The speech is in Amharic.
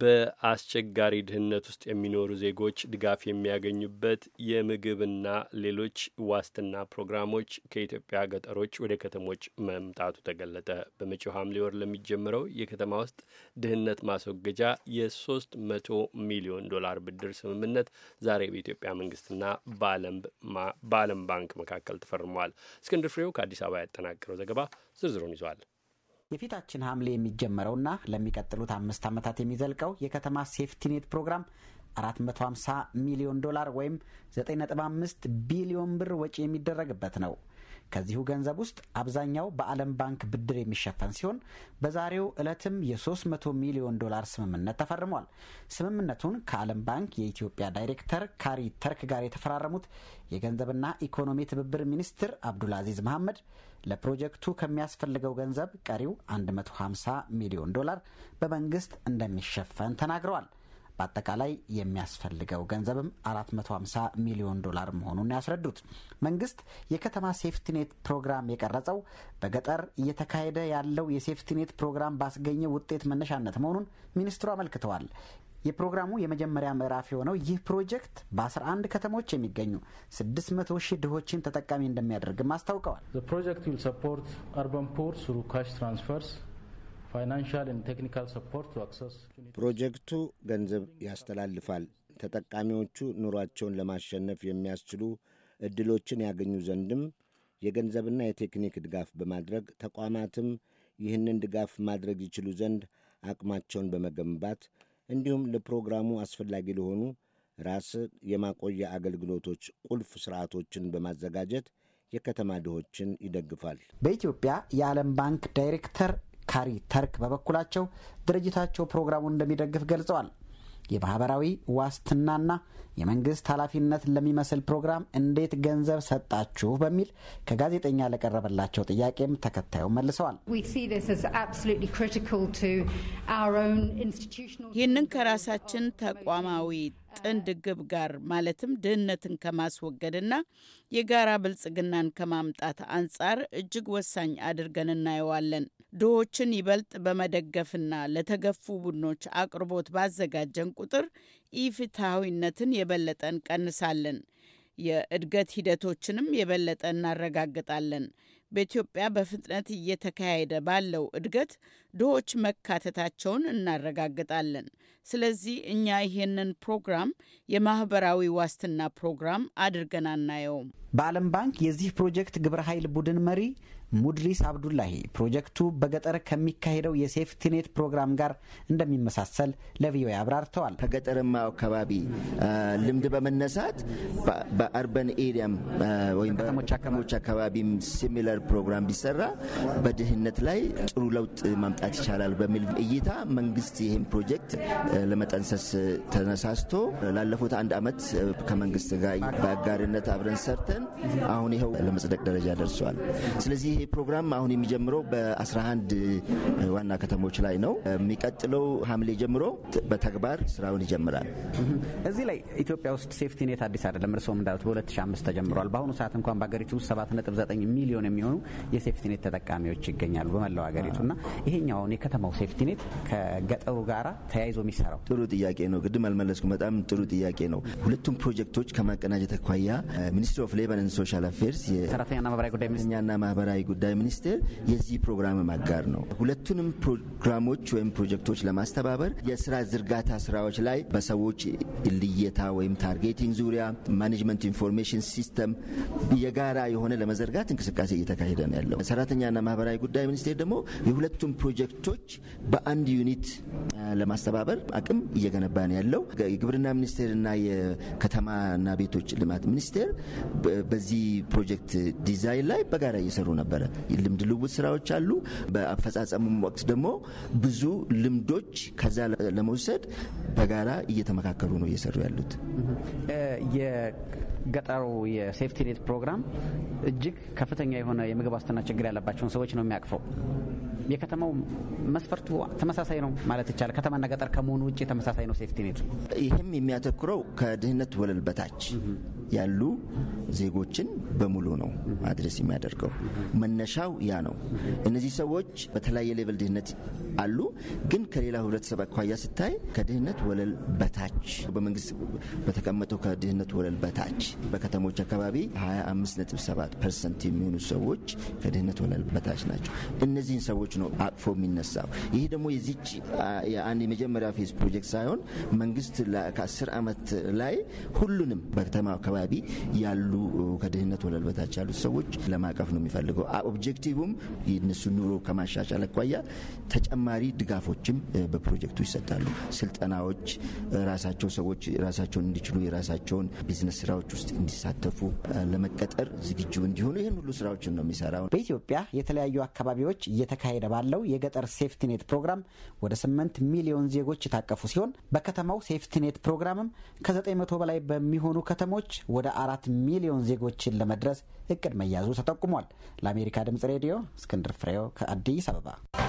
በአስቸጋሪ ድህነት ውስጥ የሚኖሩ ዜጎች ድጋፍ የሚያገኙበት የምግብና ሌሎች ዋስትና ፕሮግራሞች ከኢትዮጵያ ገጠሮች ወደ ከተሞች መምጣቱ ተገለጠ። በመጪው ሐምሌ ወር ለሚጀምረው የከተማ ውስጥ ድህነት ማስወገጃ የሶስት 300 ሚሊዮን ዶላር ብድር ስምምነት ዛሬ በኢትዮጵያ መንግስትና በዓለም ባንክ መካከል ተፈርሟል። እስክንድር ፍሬው ከአዲስ አበባ ያጠናቀረው ዘገባ ዝርዝሩን ይዟል። የፊታችን ሐምሌ የሚጀመረውና ለሚቀጥሉት አምስት ዓመታት የሚዘልቀው የከተማ ሴፍቲኔት ፕሮግራም 450 ሚሊዮን ዶላር ወይም 9.5 ቢሊዮን ብር ወጪ የሚደረግበት ነው። ከዚሁ ገንዘብ ውስጥ አብዛኛው በዓለም ባንክ ብድር የሚሸፈን ሲሆን በዛሬው ዕለትም የ300 ሚሊዮን ዶላር ስምምነት ተፈርሟል። ስምምነቱን ከዓለም ባንክ የኢትዮጵያ ዳይሬክተር ካሪ ተርክ ጋር የተፈራረሙት የገንዘብና ኢኮኖሚ ትብብር ሚኒስትር አብዱልአዚዝ መሐመድ ለፕሮጀክቱ ከሚያስፈልገው ገንዘብ ቀሪው 150 ሚሊዮን ዶላር በመንግስት እንደሚሸፈን ተናግረዋል። በአጠቃላይ የሚያስፈልገው ገንዘብም 450 ሚሊዮን ዶላር መሆኑን ያስረዱት መንግስት የከተማ ሴፍቲኔት ፕሮግራም የቀረጸው በገጠር እየተካሄደ ያለው የሴፍቲኔት ፕሮግራም ባስገኘ ውጤት መነሻነት መሆኑን ሚኒስትሩ አመልክተዋል። የፕሮግራሙ የመጀመሪያ ምዕራፍ የሆነው ይህ ፕሮጀክት በ11 ከተሞች የሚገኙ 600 ሺህ ድሆችን ተጠቃሚ እንደሚያደርግም አስታውቀዋል። ፕሮጀክቱ ገንዘብ ያስተላልፋል። ተጠቃሚዎቹ ኑሯቸውን ለማሸነፍ የሚያስችሉ ዕድሎችን ያገኙ ዘንድም የገንዘብና የቴክኒክ ድጋፍ በማድረግ ተቋማትም ይህንን ድጋፍ ማድረግ ይችሉ ዘንድ አቅማቸውን በመገንባት እንዲሁም ለፕሮግራሙ አስፈላጊ ለሆኑ ራስ የማቆያ አገልግሎቶች ቁልፍ ስርዓቶችን በማዘጋጀት የከተማ ድሆችን ይደግፋል። በኢትዮጵያ የዓለም ባንክ ዳይሬክተር ካሪ ተርክ በበኩላቸው ድርጅታቸው ፕሮግራሙን እንደሚደግፍ ገልጸዋል። የማህበራዊ ዋስትናና የመንግስት ኃላፊነት ለሚመስል ፕሮግራም እንዴት ገንዘብ ሰጣችሁ በሚል ከጋዜጠኛ ለቀረበላቸው ጥያቄም ተከታዩን መልሰዋል። ይህንን ከራሳችን ተቋማዊ ጥንድ ግብ ጋር ማለትም ድህነትን ከማስወገድና የጋራ ብልጽግናን ከማምጣት አንጻር እጅግ ወሳኝ አድርገን እናየዋለን። ድሆችን ይበልጥ በመደገፍና ለተገፉ ቡድኖች አቅርቦት ባዘጋጀን ቁጥር ኢፍትሐዊነትን የበለጠ እንቀንሳለን። የእድገት ሂደቶችንም የበለጠ እናረጋግጣለን። በኢትዮጵያ በፍጥነት እየተካሄደ ባለው እድገት ድሆች መካተታቸውን እናረጋግጣለን። ስለዚህ እኛ ይህንን ፕሮግራም የማህበራዊ ዋስትና ፕሮግራም አድርገን አናየውም። በዓለም ባንክ የዚህ ፕሮጀክት ግብረ ኃይል ቡድን መሪ ሙድሪስ አብዱላሂ ፕሮጀክቱ በገጠር ከሚካሄደው የሴፍቲኔት ፕሮግራም ጋር እንደሚመሳሰል ለቪኦኤ አብራርተዋል። ከገጠርማ አካባቢ ልምድ በመነሳት በአርበን ኤሪያም ወይም በከተሞች አካባቢ ሲሚለር ፕሮግራም ቢሰራ በድህነት ላይ ጥሩ ለውጥ ማምጣት ማምጣት ይቻላል በሚል እይታ መንግስት ይህን ፕሮጀክት ለመጠንሰስ ተነሳስቶ ላለፉት አንድ አመት ከመንግስት ጋር በአጋርነት አብረን ሰርተን አሁን ይኸው ለመጽደቅ ደረጃ ደርሷል። ስለዚህ ይህ ፕሮግራም አሁን የሚጀምረው በ11 ዋና ከተሞች ላይ ነው። የሚቀጥለው ሐምሌ ጀምሮ በተግባር ስራውን ይጀምራል። እዚህ ላይ ኢትዮጵያ ውስጥ ሴፍቲ ኔት አዲስ አይደለም። እርስዎም እንዳሉት በ2005 ተጀምሯል። በአሁኑ ሰዓት እንኳን በሀገሪቱ ውስጥ 7.9 ሚሊዮን የሚሆኑ የሴፍቲ ኔት ተጠቃሚዎች ይገኛሉ በመላው ሀገሪቱ እና ይሄኛ የትኛውን የከተማው ሴፍቲኔት ከገጠሩ ጋራ ተያይዞ የሚሰራው? ጥሩ ጥያቄ ነው። ቅድም አልመለስኩ። በጣም ጥሩ ጥያቄ ነው። ሁለቱም ፕሮጀክቶች ከማቀናጀት አኳያ ሚኒስትሪ ኦፍ ሌበር ን ሶሻል አፌርስ ሰራተኛና ማህበራዊ ጉዳይ ሚኒስቴር የዚህ ፕሮግራም አጋር ነው። ሁለቱንም ፕሮግራሞች ወይም ፕሮጀክቶች ለማስተባበር የስራ ዝርጋታ ስራዎች ላይ በሰዎች ልየታ ወይም ታርጌቲንግ ዙሪያ ማኔጅመንት ኢንፎርሜሽን ሲስተም የጋራ የሆነ ለመዘርጋት እንቅስቃሴ እየተካሄደ ነው ያለው። ሰራተኛና ማህበራዊ ጉዳይ ሚኒስቴር ደግሞ የሁለቱም ፕሮጀክት ፕሮጀክቶች በአንድ ዩኒት ለማስተባበር አቅም እየገነባ ነው ያለው። የግብርና ሚኒስቴርና የከተማና ቤቶች ልማት ሚኒስቴር በዚህ ፕሮጀክት ዲዛይን ላይ በጋራ እየሰሩ ነበረ። ልምድ ልውውጥ ስራዎች አሉ። በአፈጻጸሙም ወቅት ደግሞ ብዙ ልምዶች ከዛ ለመውሰድ በጋራ እየተመካከሉ ነው እየሰሩ ያሉት። የገጠሩ የሴፍቲ ኔት ፕሮግራም እጅግ ከፍተኛ የሆነ የምግብ ዋስትና ችግር ያለባቸውን ሰዎች ነው የሚያቅፈው። የከተማው መስፈርቱ ተመሳሳይ ነው ማለት ይቻላል። ከተማና ገጠር ከመሆኑ ውጭ ተመሳሳይ ነው ሴፍቲ ይህም የሚያተኩረው ከድህነት ወለል በታች ያሉ ዜጎችን በሙሉ ነው አድረስ የሚያደርገው። መነሻው ያ ነው። እነዚህ ሰዎች በተለያየ ሌቨል ድህነት አሉ፣ ግን ከሌላ ህብረተሰብ አኳያ ስታይ ከድህነት ወለል በታች በመንግስት በተቀመጠው ከድህነት ወለል በታች በከተሞች አካባቢ 25.7 ፐርሰንት የሚሆኑ ሰዎች ከድህነት ወለል በታች ናቸው። እነዚህን ሰዎች ነው አቅፎ የሚነሳው። ይህ ደግሞ የዚች የአንድ የመጀመሪያ ፌዝ ፕሮጀክት ሳይሆን መንግስት ከ ዓመት ላይ ሁሉንም በከተማ አካባቢ አካባቢ ያሉ ከድህነት ወለል በታች ያሉት ሰዎች ለማቀፍ ነው የሚፈልገው። ኦብጀክቲቭም የነሱ ኑሮ ከማሻሻል አኳያ ተጨማሪ ድጋፎችም በፕሮጀክቱ ይሰጣሉ። ስልጠናዎች፣ ራሳቸው ሰዎች ራሳቸውን እንዲችሉ የራሳቸውን ቢዝነስ ስራዎች ውስጥ እንዲሳተፉ ለመቀጠር ዝግጁ እንዲሆኑ ይህን ሁሉ ስራዎችን ነው የሚሰራው። በኢትዮጵያ የተለያዩ አካባቢዎች እየተካሄደ ባለው የገጠር ሴፍቲኔት ፕሮግራም ወደ 8 ሚሊዮን ዜጎች የታቀፉ ሲሆን በከተማው ሴፍቲኔት ፕሮግራምም ከ900 በላይ በሚሆኑ ከተሞች ወደ አራት ሚሊዮን ዜጎችን ለመድረስ እቅድ መያዙ ተጠቁሟል። ለአሜሪካ ድምጽ ሬዲዮ እስክንድር ፍሬው ከአዲስ አበባ